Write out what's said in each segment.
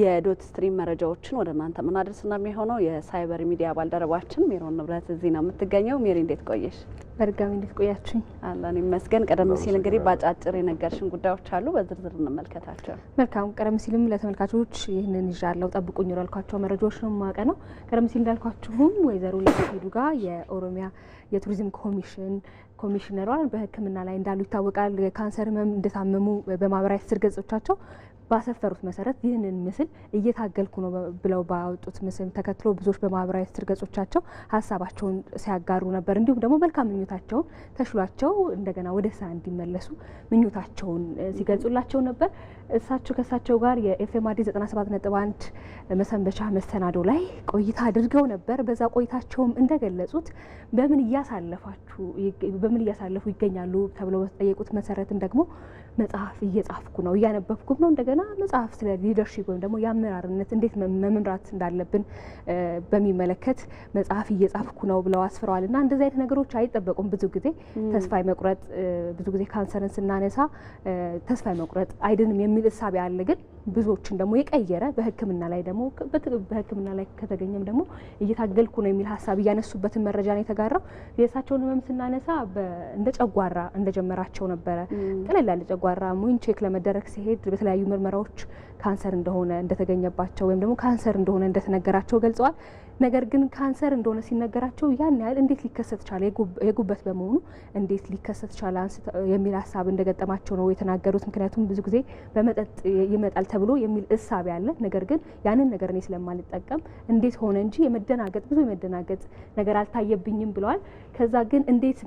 የዶት ስትሪም መረጃዎችን ወደ እናንተ ምናደርስና የሚሆነው የሳይበር ሚዲያ ባልደረባችን ሜሮን ንብረት እዚህ ነው የምትገኘው። ሜሪ እንዴት ቆየሽ? በድጋሚ እንዴት ቆያችኝ? አለን ይመስገን። ቀደም ሲል እንግዲህ በአጫጭር የነገርሽን ጉዳዮች አሉ፣ በዝርዝር እንመልከታቸው። መልካም። ቀደም ሲልም ለተመልካቾች ይህንን ይዣለው ጠብቁኝ ያልኳቸው መረጃዎች ነው ማቀ ነው። ቀደም ሲል እንዳልኳችሁም ወይዘሮ ለሄዱ ጋር የኦሮሚያ የቱሪዝም ኮሚሽን ኮሚሽነሯን በሕክምና ላይ እንዳሉ ይታወቃል። ካንሰር ህመም እንደታመሙ በማህበራዊ ትስስር ገጾቻቸው ባሰፈሩት መሰረት ይህንን ምስል እየታገልኩ ነው ብለው ባወጡት ምስል ተከትሎ ብዙዎች በማህበራዊ ትስስር ገጾቻቸው ሀሳባቸውን ሲያጋሩ ነበር። እንዲሁም ደግሞ መልካም ምኞታቸውን ተሽሏቸው እንደገና ወደ ስራ እንዲመለሱ ምኞታቸውን ሲገልጹላቸው ነበር። እሳቸው ከእሳቸው ጋር የኤፍኤም አዲስ 97.1 መሰንበቻ መሰናዶ ላይ ቆይታ አድርገው ነበር። በዛ ቆይታቸውም እንደገለጹት በምን እያሳለፋችሁ በምን እያሳለፉ ይገኛሉ ተብለው በተጠየቁት መሰረትም ደግሞ መጽሐፍ እየጻፍኩ ነው እያነበብኩም ነው። እንደገና መጽሐፍ ስለ ሊደርሺፕ ወይም ደግሞ የአመራርነት እንዴት መምራት እንዳለብን በሚመለከት መጽሐፍ እየጻፍኩ ነው ብለው አስፍረዋል። እና እንደዚህ አይነት ነገሮች አይጠበቁም። ብዙ ጊዜ ተስፋ መቁረጥ ብዙ ጊዜ ካንሰርን ስናነሳ ተስፋ መቁረጥ አይድንም የሚል እሳቤ አለ። ግን ብዙዎችን ደግሞ የቀየረ በሕክምና ላይ ደግሞ በሕክምና ላይ ከተገኘም ደግሞ እየታገልኩ ነው የሚል ሀሳብ እያነሱበትን መረጃ ነው የተጋራው። የእሳቸውን ህመም ስናነሳ እንደ ጨጓራ እንደጀመራቸው ነበረ ቀለል ያለ ጨጓራ ሙኝ ቼክ ለመደረግ ሲሄድ በተለያዩ ምርመራዎች ካንሰር እንደሆነ እንደተገኘባቸው ወይም ደግሞ ካንሰር እንደሆነ እንደተነገራቸው ገልጸዋል። ነገር ግን ካንሰር እንደሆነ ሲነገራቸው ያን ያህል እንዴት ሊከሰት ቻለ፣ የጉበት በመሆኑ እንዴት ሊከሰት ቻለ የሚል ሀሳብ እንደገጠማቸው ነው የተናገሩት። ምክንያቱም ብዙ ጊዜ በመጠጥ ይመጣል ተብሎ የሚል እሳቤ አለ። ነገር ግን ያንን ነገር እኔ ስለማልጠቀም እንዴት ሆነ እንጂ የመደናገጥ ብዙ የመደናገጥ ነገር አልታየብኝም ብለዋል። ከዛ ግን እንዴት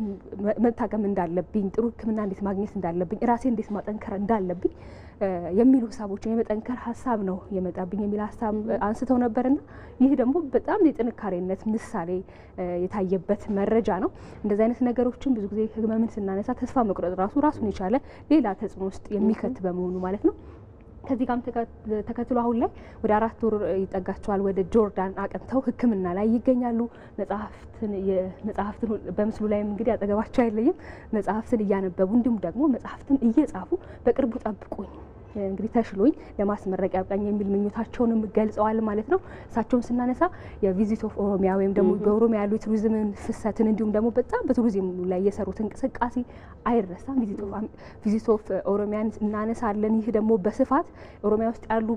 መታቀም እንዳለብኝ፣ ጥሩ ሕክምና እንዴት ማግኘት እንዳለብኝ፣ ራሴ እንዴት ማጠንከር እንዳለብኝ የሚሉ ሀሳቦችን የመጠንከር የሚመከር ሀሳብ ነው የመጣብኝ የሚል ሀሳብ አንስተው ነበርና ይህ ደግሞ በጣም የጥንካሬነት ምሳሌ የታየበት መረጃ ነው። እንደዚህ አይነት ነገሮችን ብዙ ጊዜ ህመምን ስናነሳ ተስፋ መቁረጥ ራሱ ራሱን የቻለ ሌላ ተጽዕኖ ውስጥ የሚከት በመሆኑ ማለት ነው። ከዚህ ጋርም ተከትሎ አሁን ላይ ወደ አራት ወር ይጠጋቸዋል ወደ ጆርዳን አቅንተው ሕክምና ላይ ይገኛሉ። መጽሐፍትን በምስሉ ላይም እንግዲህ አጠገባቸው አይለይም፣ መጽሐፍትን እያነበቡ እንዲሁም ደግሞ መጽሐፍትን እየጻፉ በቅርቡ ጠብቁኝ እንግዲህ ተሽሎኝ ለማስመረቅ ያብቃኝ የሚል ምኞታቸውንም ገልጸዋል ማለት ነው። እሳቸውን ስናነሳ የቪዚት ኦፍ ኦሮሚያ ወይም ደግሞ በኦሮሚያ ያሉ የቱሪዝምን ፍሰትን እንዲሁም ደግሞ በጣም በቱሪዝም ላይ የሰሩት እንቅስቃሴ አይረሳም። ቪዚት ኦፍ ኦሮሚያን እናነሳለን። ይህ ደግሞ በስፋት ኦሮሚያ ውስጥ ያሉ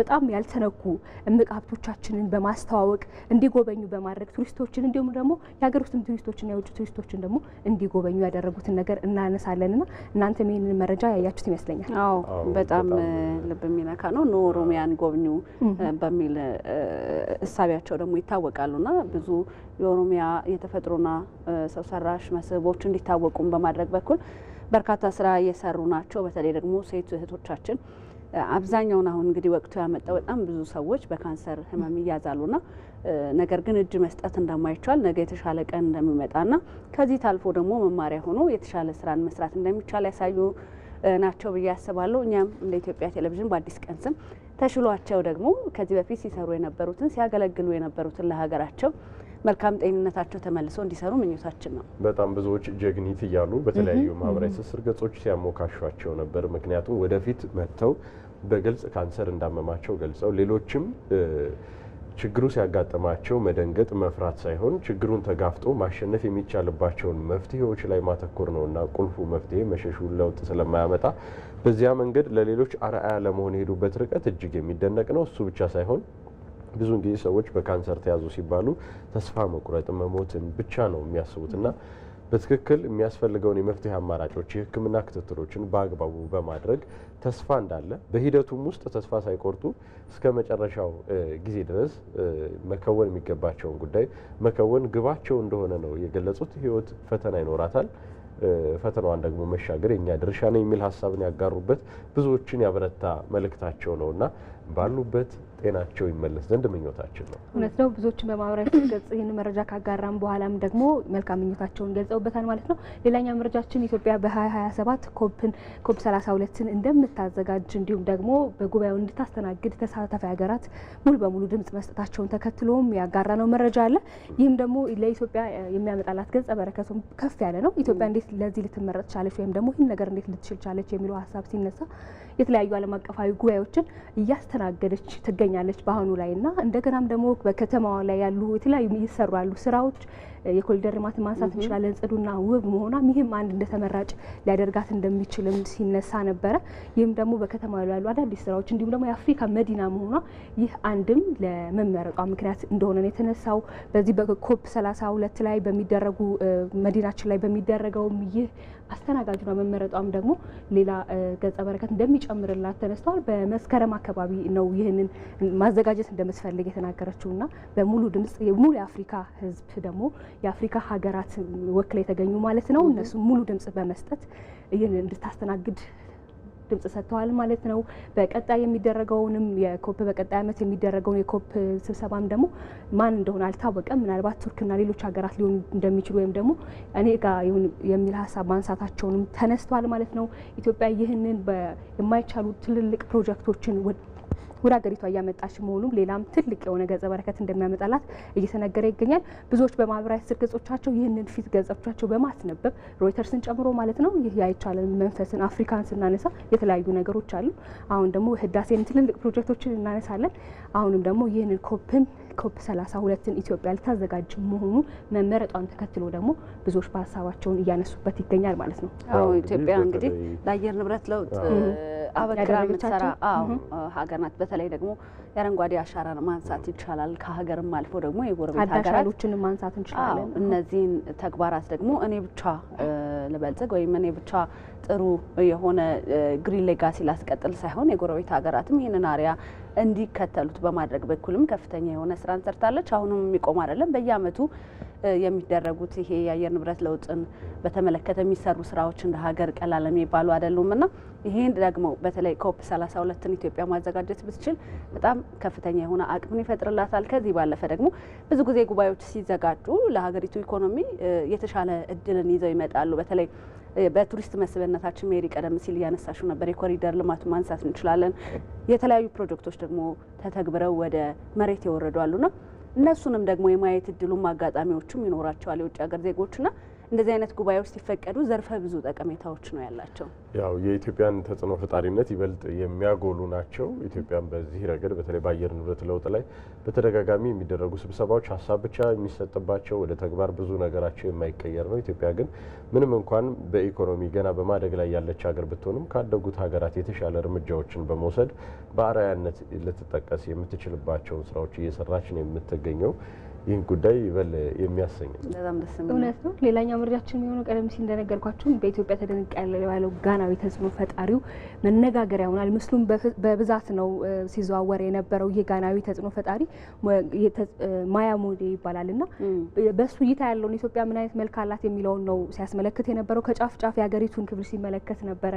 በጣም ያልተነኩ እምቅ ሀብቶቻችንን በማስተዋወቅ እንዲጎበኙ በማድረግ ቱሪስቶችን እንዲሁም ደግሞ የሀገር ውስጥም ቱሪስቶችና የውጭ ቱሪስቶችን ደግሞ እንዲጎበኙ ያደረጉትን ነገር እናነሳለንና እናንተም ይህንን መረጃ ያያችሁት ይመስለኛል። በጣም በጣም ልብ የሚነካ ነው። ኖ ኦሮሚያን ጎብኙ በሚል እሳቢያቸው ደግሞ ና ብዙ የኦሮሚያ የተፈጥሮና ሰው ሰራሽ መስህቦች እንዲታወቁም በማድረግ በኩል በርካታ ስራ እየሰሩ ናቸው። በተለይ ደግሞ ሴት እህቶቻችን አብዛኛውን አሁን እንግዲህ ወቅቱ ያመጣው በጣም ብዙ ሰዎች በካንሰር ህመም ይያዛሉና ነገር ግን እጅ መስጠት እንደማይቻል ነገ የተሻለ ቀን እንደሚመጣና ከዚህ ታልፎ ደግሞ መማሪያ ሆኖ የተሻለ ስራን መስራት እንደሚቻል ያሳዩ ናቸው ብዬ አስባለሁ። እኛም እንደ ኢትዮጵያ ቴሌቪዥን በአዲስ ቀን ስም ተሽሏቸው ደግሞ ከዚህ በፊት ሲሰሩ የነበሩትን ሲያገለግሉ የነበሩትን ለሀገራቸው መልካም ጤንነታቸው ተመልሶ እንዲሰሩ ምኞታችን ነው። በጣም ብዙዎች ጀግኒት እያሉ በተለያዩ ማህበራዊ ትስስር ገጾች ሲያሞካሿቸው ነበር። ምክንያቱም ወደፊት መጥተው በግልጽ ካንሰር እንዳመማቸው ገልጸው ሌሎችም ችግሩ ሲያጋጥማቸው መደንገጥ፣ መፍራት ሳይሆን ችግሩን ተጋፍጦ ማሸነፍ የሚቻልባቸውን መፍትሄዎች ላይ ማተኮር እና ቁልፉ መፍትሄ መሸሹን ለውጥ ስለማያመጣ በዚያ መንገድ ለሌሎች አርአያ ለመሆን የሄዱበት ርቀት እጅግ የሚደነቅ ነው። እሱ ብቻ ሳይሆን ብዙውን ጊዜ ሰዎች በካንሰር ተያዙ ሲባሉ ተስፋ መቁረጥ መሞትን ብቻ ነው የሚያስቡትና በትክክል የሚያስፈልገውን የመፍትሄ አማራጮች የሕክምና ክትትሎችን በአግባቡ በማድረግ ተስፋ እንዳለ በሂደቱም ውስጥ ተስፋ ሳይቆርጡ እስከ መጨረሻው ጊዜ ድረስ መከወን የሚገባቸውን ጉዳይ መከወን ግባቸው እንደሆነ ነው የገለጹት። ህይወት ፈተና ይኖራታል። ፈተናዋን ደግሞ መሻገር የኛ ድርሻ ነው የሚል ሀሳብን ያጋሩበት ብዙዎችን ያበረታ መልእክታቸው እና ባሉበት ጤናቸው ይመለስ ዘንድ ምኞታችን ነው። እውነት ነው። ብዙዎችን በማህበራዊ ገጽ ይህን መረጃ ካጋራም በኋላም ደግሞ መልካም ምኞታቸውን ገልጸውበታል ማለት ነው። ሌላኛ መረጃችን ኢትዮጵያ በ2027 ኮፕን ኮፕ 32ን እንደምታዘጋጅ እንዲሁም ደግሞ በጉባኤው እንድታስተናግድ ተሳታፊ ሀገራት ሙሉ በሙሉ ድምጽ መስጠታቸውን ተከትሎም ያጋራ ነው መረጃ አለ። ይህም ደግሞ ለኢትዮጵያ የሚያመጣላት ገጸ በረከቱም ከፍ ያለ ነው። ኢትዮጵያ እንዴት ለዚህ ልትመረጥ ቻለች ወይም ደግሞ ይህን ነገር እንዴት ልትችል ቻለች የሚለው ሀሳብ ሲነሳ የተለያዩ ዓለም አቀፋዊ ጉባኤዎችን እያስተ እያስተናገደች ትገኛለች በአሁኑ ላይ እና እንደገናም ደግሞ በከተማዋ ላይ ያሉ የተለያዩ ይሰሩ ያሉ ስራዎች የኮሪደር ልማት ማንሳት እንችላለን። ጽዱና ውብ መሆኗም ይህም አንድ እንደ ተመራጭ ሊያደርጋት እንደሚችልም ሲነሳ ነበረ። ይህም ደግሞ በከተማ ያሉ አዳዲስ ስራዎች እንዲሁም ደግሞ የአፍሪካ መዲና መሆኗ ይህ አንድም ለመመረጧ ምክንያት እንደሆነ ነው የተነሳው። በዚህ በኮፕ 32 ላይ በሚደረጉ መዲናችን ላይ በሚደረገውም ይህ አስተናጋጅና መመረጧም ደግሞ ሌላ ገጸ በረከት እንደሚጨምርላት ተነስተዋል። በመስከረም አካባቢ ነው ይህንን ማዘጋጀት እንደምትፈልግ የተናገረችውና በሙሉ ድምጽ ሙሉ የአፍሪካ ህዝብ ደግሞ የአፍሪካ ሀገራት ወክላ የተገኙ ማለት ነው። እነሱ ሙሉ ድምጽ በመስጠት ይህን እንድታስተናግድ ድምጽ ሰጥተዋል ማለት ነው። በቀጣይ የሚደረገውንም የኮፕ በቀጣይ ዓመት የሚደረገውን የኮፕ ስብሰባም ደግሞ ማን እንደሆነ አልታወቀም። ምናልባት ቱርክና ሌሎች ሀገራት ሊሆኑ እንደሚችሉ ወይም ደግሞ እኔ ጋር ይሁን የሚል ሀሳብ ማንሳታቸውንም ተነስተዋል ማለት ነው። ኢትዮጵያ ይህንን የማይቻሉ ትልልቅ ፕሮጀክቶችን ወደ ሀገሪቷ እያመጣች መሆኑም ሌላም ትልቅ የሆነ ገጸ በረከት እንደሚያመጣላት እየተነገረ ይገኛል። ብዙዎች በማህበራዊ ስር ገጾቻቸው ይህንን ፊት ገጾቻቸው በማስነበብ ሮይተርስን ጨምሮ ማለት ነው ይህ የአይቻለን መንፈስን አፍሪካን ስናነሳ የተለያዩ ነገሮች አሉ። አሁን ደግሞ ህዳሴን ትልልቅ ፕሮጀክቶችን እናነሳለን። አሁንም ደግሞ ይህንን ኮፕን ኮፕ 32ን ኢትዮጵያ ልታዘጋጅ መሆኑ መመረጧን ተከትሎ ደግሞ ብዙዎች በሀሳባቸውን እያነሱበት ይገኛል ማለት ነው። አዎ ኢትዮጵያ እንግዲህ ለአየር ንብረት ለውጥ አበክራ የምትሰራ ሀገር ናት። በተለይ ደግሞ የአረንጓዴ አሻራን ማንሳት ይቻላል። ከሀገርም አልፎ ደግሞ የጎረቤት ሀገራቶችን ማንሳት እንችላለን። እነዚህን ተግባራት ደግሞ እኔ ብቻ ልበልጽግ ወይም እኔ ብቻ ጥሩ የሆነ ግሪን ሌጋሲ ላስቀጥል ሳይሆን የጎረቤት ሀገራትም ይህንን አሪያ እንዲከተሉት በማድረግ በኩልም ከፍተኛ የሆነ ስራ እንሰርታለች። አሁንም የሚቆም አይደለም። በየአመቱ የሚደረጉት ይሄ የአየር ንብረት ለውጥን በተመለከተ የሚሰሩ ስራዎች እንደ ሀገር ቀላል የሚባሉ አይደሉም እና ይህን ደግሞ በተለይ ኮፕ 32ን ኢትዮጵያ ማዘጋጀት ብትችል በጣም ከፍተኛ የሆነ አቅምን ይፈጥርላታል። ከዚህ ባለፈ ደግሞ ብዙ ጊዜ ጉባኤዎች ሲዘጋጁ ለሀገሪቱ ኢኮኖሚ የተሻለ እድልን ይዘው ይመጣሉ። በተለይ በቱሪስት መስህብነታችን ሜሪ ቀደም ሲል እያነሳሹ ነበር። የኮሪደር ልማቱ ማንሳት እንችላለን። የተለያዩ ፕሮጀክቶች ደግሞ ተተግብረው ወደ መሬት የወረዱ አሉና እነሱንም ደግሞ የማየት እድሉም አጋጣሚዎቹም ይኖራቸዋል የውጭ ሀገር ዜጎችና እንደዚህ አይነት ጉባኤዎች ሲፈቀዱ ዘርፈ ብዙ ጠቀሜታዎች ነው ያላቸው። ያው የኢትዮጵያን ተጽዕኖ ፈጣሪነት ይበልጥ የሚያጎሉ ናቸው። ኢትዮጵያን በዚህ ረገድ በተለይ በአየር ንብረት ለውጥ ላይ በተደጋጋሚ የሚደረጉ ስብሰባዎች ሀሳብ ብቻ የሚሰጥባቸው ወደ ተግባር ብዙ ነገራቸው የማይቀየር ነው። ኢትዮጵያ ግን ምንም እንኳን በኢኮኖሚ ገና በማደግ ላይ ያለች ሀገር ብትሆንም ካደጉት ሀገራት የተሻለ እርምጃዎችን በመውሰድ በአርአያነት ልትጠቀስ የምትችልባቸውን ስራዎች እየሰራች ነው የምትገኘው። ይህን ጉዳይ ይበል የሚያሰኝ እውነት ነው። ሌላኛው መረጃችን የሚሆነው ቀደም ሲል እንደነገርኳችሁም በኢትዮጵያ ተደነቀለ ያለው ጋናዊ ተጽዕኖ ፈጣሪው መነጋገሪያ ሆኗል። ምስሉም በብዛት ነው ሲዘዋወር የነበረው። ይህ ጋናዊ ተጽዕኖ ፈጣሪ ማያ ሞዴ ይባላል እና በእሱ እይታ ያለውን ኢትዮጵያ ምን አይነት መልክ አላት የሚለውን ነው ሲያስመለክት የነበረው። ከጫፍ ጫፍ የሀገሪቱን ክፍል ሲመለከት ነበረ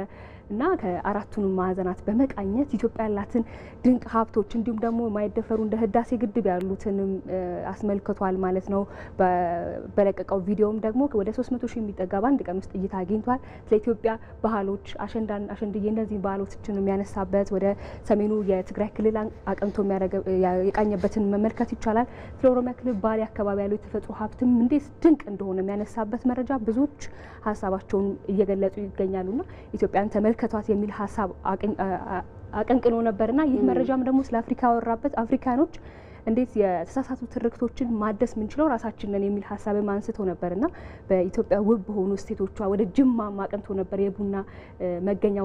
እና ከአራቱንም ማዕዘናት በመቃኘት ኢትዮጵያ ያላትን ድንቅ ሀብቶች እንዲሁም ደግሞ የማይደፈሩ እንደ ህዳሴ ግድብ ያሉትንም አስመልክ ተመልክቷል ማለት ነው። በለቀቀው ቪዲዮም ደግሞ ወደ 300 ሺህ የሚጠጋ በአንድ ቀን ውስጥ እይታ አግኝቷል። ስለ ኢትዮጵያ ባህሎች አሸንዳን አሸንድዬ እነዚህ ባህሎችን የሚያነሳበት ወደ ሰሜኑ የትግራይ ክልል አቅንቶ የቃኘበትን መመልከት ይቻላል። ስለ ኦሮሚያ ክልል ባሌ አካባቢ ያለው የተፈጥሮ ሀብትም እንዴት ድንቅ እንደሆነ የሚያነሳበት መረጃ ብዙዎች ሀሳባቸውን እየገለጹ ይገኛሉና ኢትዮጵያን ተመልከቷት የሚል ሀሳብ አቀንቅኖ ነበርና ይህ መረጃም ደግሞ ስለ አፍሪካ ያወራበት አፍሪካኖች እንዴት የተሳሳቱ ትርክቶችን ማደስ ምንችለው ራሳችንን የሚል ሀሳብም አንስቶ ነበርና በኢትዮጵያ ውብ በሆኑ ስቴቶቿ ወደ ጅማ አቅንቶ ነበር የቡና መገኛ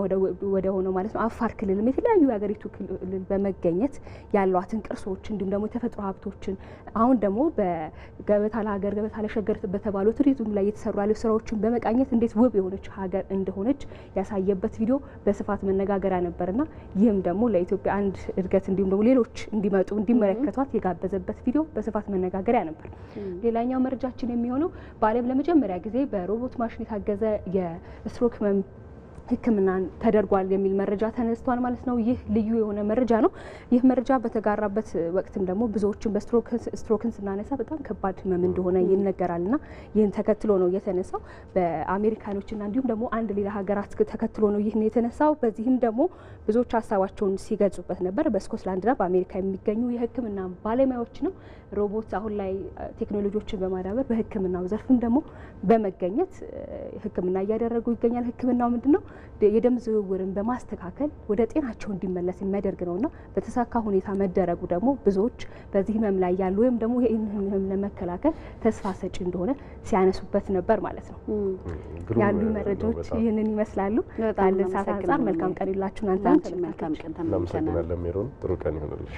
ወደ ሆነው ማለት ነው። አፋር ክልልም የተለያዩ የሀገሪቱ ክልል በመገኘት ያሏትን ቅርሶች እንዲሁም ደግሞ የተፈጥሮ ሀብቶችን አሁን ደግሞ በገበታ ለሀገር ገበታ ለሸገር በተባሉ ቱሪዝም ላይ የተሰሩ ያሉ ስራዎችን በመቃኘት እንዴት ውብ የሆነች ሀገር እንደሆነች ያሳየበት ቪዲዮ በስፋት መነጋገሪያ ነበርና ይህም ደግሞ ለኢትዮጵያ አንድ እድገት እንዲሁም ደግሞ ሌሎች እንዲመጡ እንዲመለከቷል ለመስማት የጋበዘበት ቪዲዮ በስፋት መነጋገሪያ ነበር። ሌላኛው መረጃችን የሚሆነው በዓለም ለመጀመሪያ ጊዜ በሮቦት ማሽን የታገዘ የስትሮክ ሕክምና ተደርጓል የሚል መረጃ ተነስቷል ማለት ነው። ይህ ልዩ የሆነ መረጃ ነው። ይህ መረጃ በተጋራበት ወቅትም ደግሞ ብዙዎችን በስትሮክን ስናነሳ በጣም ከባድ ህመም እንደሆነ ይነገራልና ይህን ተከትሎ ነው የተነሳው በአሜሪካኖችና እንዲሁም ደግሞ አንድ ሌላ ሀገራት ተከትሎ ነው ይህን የተነሳው። በዚህም ደግሞ ብዙዎች ሀሳባቸውን ሲገልጹበት ነበር። በስኮትላንድና በአሜሪካ የሚገኙ የህክምና ባለሙያዎች ነው ሮቦት አሁን ላይ ቴክኖሎጂዎችን በማዳበር በህክምናው ዘርፍም ደግሞ በመገኘት ህክምና እያደረጉ ይገኛል። ህክምናው ምንድን ነው? የደም ዝውውርን በማስተካከል ወደ ጤናቸው እንዲመለስ የሚያደርግ ነውና በተሳካ ሁኔታ መደረጉ ደግሞ ብዙዎች በዚህ ህመም ላይ ያሉ ወይም ደግሞ ይህን ህመም ለመከላከል ተስፋ ሰጪ እንደሆነ ሲያነሱበት ነበር ማለት ነው። ያሉ መረጃዎች ይህንን ይመስላሉ። ባለን ሰዓት አንጻር መልካም ቀን ይላችሁ። እናንተ መልካም ቀን ተመልሰናል። ሜሮን ጥሩ ቀን ይሆንልሽ።